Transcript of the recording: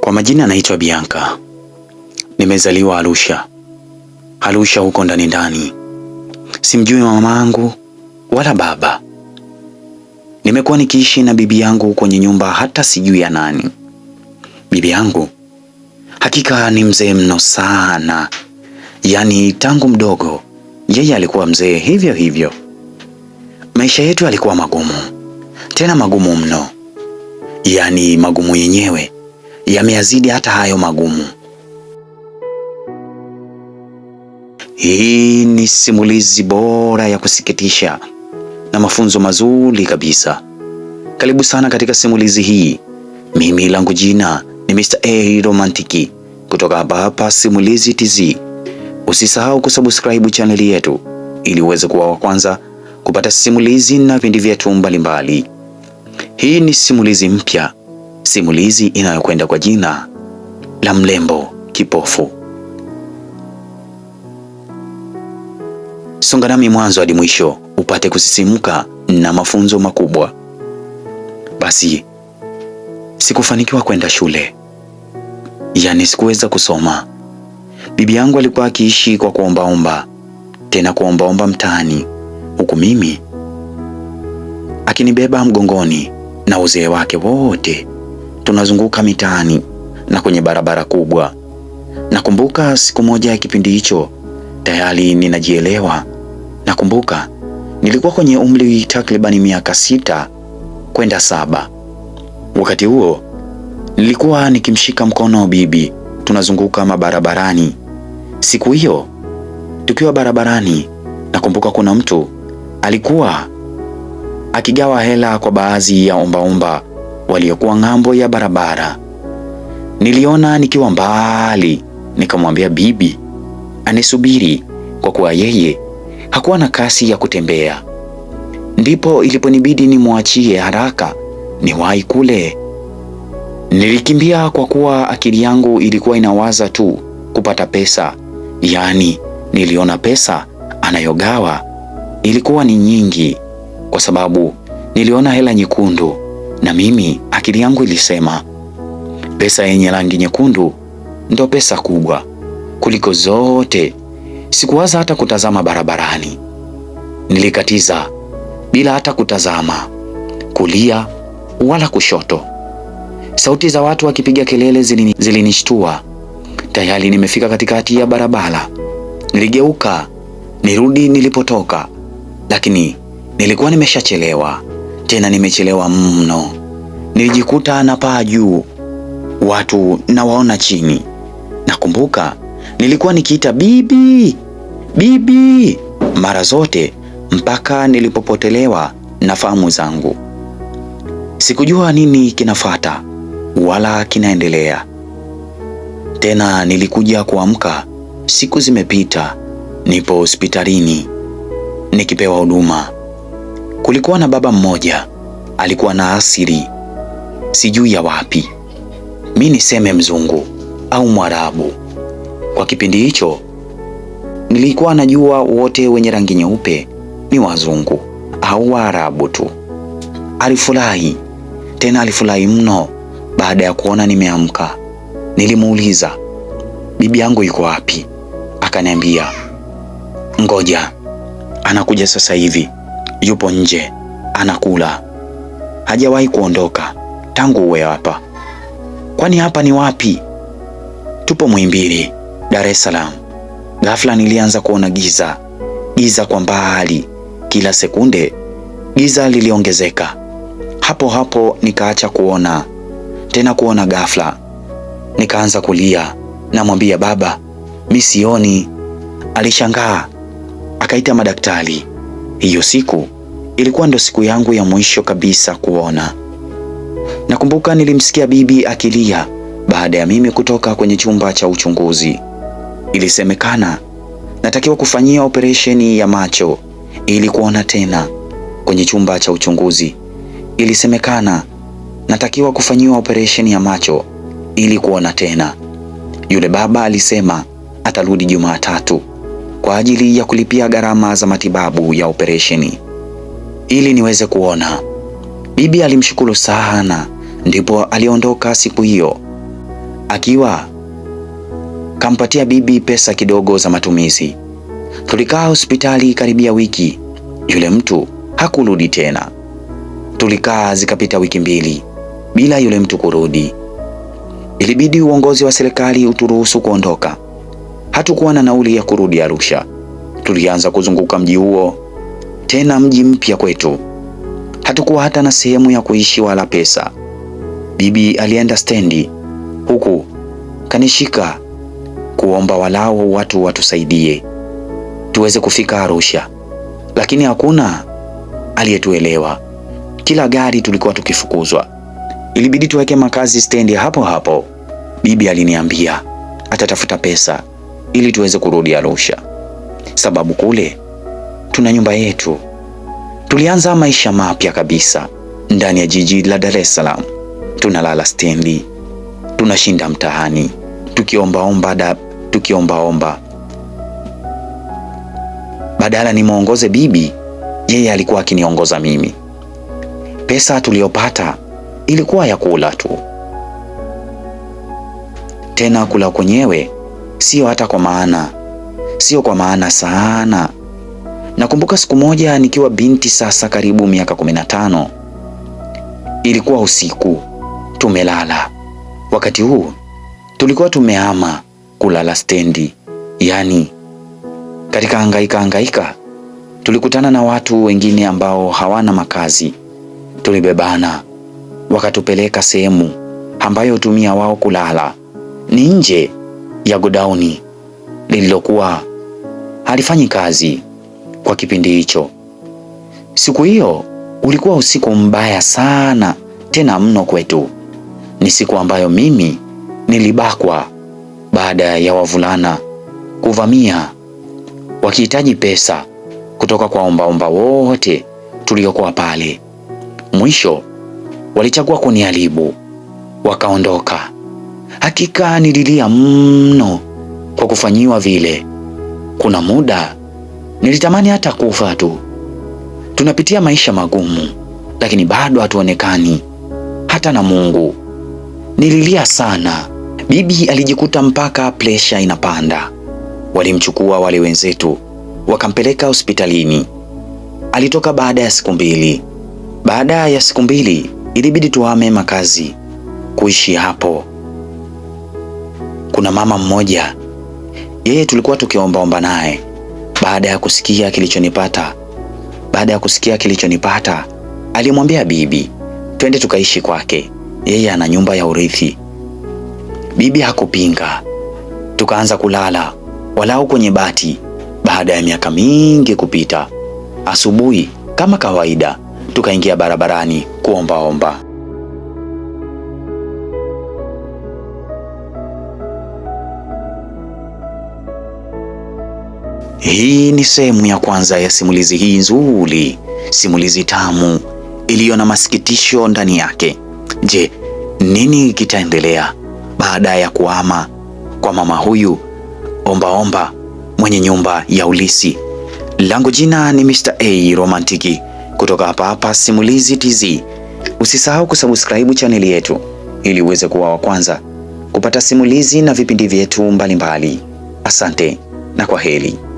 Kwa majina anaitwa Bianca, nimezaliwa Arusha, Arusha huko ndani ndani. Simjui yangu wala baba. Nimekuwa nikiishi na bibi yangu kwenye nyumba hata sijui ya nani. Bibi yangu hakika ni mzee mno sana, yaani tangu mdogo yeye alikuwa mzee hivyo hivyo. Maisha yetu yalikuwa magumu, tena magumu mno, yaani magumu yenyewe yameyazidi hata hayo magumu. Hii ni simulizi bora ya kusikitisha na mafunzo mazuri kabisa. Karibu sana katika simulizi hii. Mimi langu jina ni Mr. A Romantiki kutoka hapa hapa Simulizi Tz. Usisahau kusubscribe chaneli yetu ili uweze kuwa wa kwanza kupata simulizi na vipindi vyetu mbalimbali. Hii ni simulizi mpya simulizi inayokwenda kwa jina la mlembo Kipofu. Songa nami mwanzo hadi mwisho upate kusisimka na mafunzo makubwa. Basi sikufanikiwa kwenda shule, yaani sikuweza kusoma. Bibi yangu alikuwa akiishi kwa kuombaomba, tena kuombaomba mtaani, huku mimi akinibeba mgongoni na uzee wake wote tunazunguka mitaani na kwenye barabara kubwa. Nakumbuka siku moja ya kipindi hicho, tayari ninajielewa. Nakumbuka nilikuwa kwenye umri takribani miaka sita kwenda saba. Wakati huo nilikuwa nikimshika mkono bibi, tunazunguka mabarabarani. Siku hiyo tukiwa barabarani, nakumbuka kuna mtu alikuwa akigawa hela kwa baadhi ya ombaomba waliokuwa ng'ambo ya barabara. Niliona nikiwa mbali, nikamwambia bibi anisubiri kwa kuwa yeye hakuwa na kasi ya kutembea. Ndipo iliponibidi nimwachie haraka niwahi kule. Nilikimbia kwa kuwa akili yangu ilikuwa inawaza tu kupata pesa, yaani niliona pesa anayogawa ilikuwa ni nyingi, kwa sababu niliona hela nyekundu na mimi akili yangu ilisema pesa yenye rangi nyekundu ndo pesa kubwa kuliko zote. Sikuwaza hata kutazama barabarani, nilikatiza bila hata kutazama kulia wala kushoto. Sauti za watu wakipiga kelele zilinishtua. Tayari nimefika katikati ya barabara. Niligeuka nirudi nilipotoka, lakini nilikuwa nimeshachelewa tena nimechelewa mno. Nilijikuta napaa juu, watu nawaona chini. Nakumbuka nilikuwa nikiita bibi bibi mara zote mpaka nilipopotelewa na fahamu zangu. Sikujua nini kinafata wala kinaendelea tena. Nilikuja kuamka, siku zimepita, nipo hospitalini nikipewa huduma. Kulikuwa na baba mmoja alikuwa na asili sijui ya wapi, mi niseme mzungu au Mwarabu. Kwa kipindi hicho nilikuwa najua wote wenye rangi nyeupe ni wazungu au Waarabu tu. Alifurahi tena, alifurahi mno baada ya kuona nimeamka. Nilimuuliza, bibi yangu yuko wapi? Akaniambia, ngoja anakuja sasa hivi yupo nje anakula, hajawahi kuondoka tangu uwe hapa. Kwani hapa ni wapi? Tupo Muhimbili, Dar es Salaam. Ghafla nilianza kuona giza, giza kwa mbali, kila sekunde giza liliongezeka. Hapo hapo nikaacha kuona tena kuona ghafla, nikaanza kulia, namwambia baba, mi sioni. Alishangaa akaita madaktari hiyo siku ilikuwa ndo siku yangu ya mwisho kabisa kuona. Nakumbuka nilimsikia bibi akilia baada ya mimi kutoka kwenye chumba cha uchunguzi. Ilisemekana natakiwa kufanyia operesheni ya macho ili kuona tena. Kwenye chumba cha uchunguzi ilisemekana natakiwa kufanyiwa operesheni ya macho ili kuona tena. Yule baba alisema atarudi Jumatatu kwa ajili ya kulipia gharama za matibabu ya operesheni ili niweze kuona. Bibi alimshukuru sana, ndipo aliondoka siku hiyo akiwa kampatia bibi pesa kidogo za matumizi. Tulikaa hospitali karibia wiki, yule mtu hakurudi tena. Tulikaa zikapita wiki mbili bila yule mtu kurudi. Ilibidi uongozi wa serikali uturuhusu kuondoka hatukuwa na nauli ya kurudi Arusha. Tulianza kuzunguka mji huo, tena mji mpya kwetu. Hatukuwa hata na sehemu ya kuishi wala pesa. Bibi alienda stendi, huku kanishika kuomba walao watu watusaidie tuweze kufika Arusha, lakini hakuna aliyetuelewa. Kila gari tulikuwa tukifukuzwa, ilibidi tuweke makazi stendi hapo hapo. Bibi aliniambia atatafuta pesa ili tuweze kurudi Arusha, sababu kule tuna nyumba yetu. Tulianza maisha mapya kabisa ndani ya jiji la Dar es Salaam. Tunalala stendi, tunashinda mtaani, tukiombaomba da tukiombaomba. Badala nimwongoze bibi, yeye alikuwa akiniongoza mimi. Pesa tuliyopata ilikuwa ya kula tu, tena kula kwenyewe sio hata kwa maana, sio kwa maana sana. Nakumbuka siku moja nikiwa binti, sasa karibu miaka 15. ilikuwa usiku tumelala. Wakati huu tulikuwa tumeama kulala stendi, yaani katika hangaika hangaika tulikutana na watu wengine ambao hawana makazi, tulibebana, wakatupeleka sehemu ambayo hutumia wao kulala ni nje ya godauni lililokuwa halifanyi kazi kwa kipindi hicho. Siku hiyo ulikuwa usiku mbaya sana tena mno kwetu. Ni siku ambayo mimi nilibakwa baada ya wavulana kuvamia wakihitaji pesa kutoka kwa ombaomba wote tuliokuwa pale. Mwisho walichagua kuniharibu, wakaondoka. Hakika nililia mno kwa kufanyiwa vile. Kuna muda nilitamani hata kufa tu. Tunapitia maisha magumu, lakini bado hatuonekani hata na Mungu. Nililia sana. Bibi alijikuta mpaka presha inapanda. Walimchukua wale wenzetu wakampeleka hospitalini. Alitoka baada ya siku mbili. Baada ya siku mbili ilibidi tuhame makazi kuishi hapo kuna mama mmoja, yeye tulikuwa tukiombaomba naye baada ya kusikia kilichonipata, baada ya kusikia kilichonipata alimwambia bibi, twende tukaishi kwake, yeye ana nyumba ya urithi. Bibi hakupinga, tukaanza kulala walau kwenye bati. Baada ya miaka mingi kupita, asubuhi kama kawaida tukaingia barabarani kuombaomba. Hii ni sehemu ya kwanza ya simulizi hii nzuri, simulizi tamu iliyo na masikitisho ndani yake. Je, nini kitaendelea baada ya kuhama kwa mama huyu ombaomba omba, mwenye nyumba ya ulisi? Langu jina ni Mr. A Romantiki kutoka hapa hapa Simulizi Tz. Usisahau kusubscribe chaneli yetu ili uweze kuwa wa kwanza kupata simulizi na vipindi vyetu mbalimbali. Asante na kwa heri.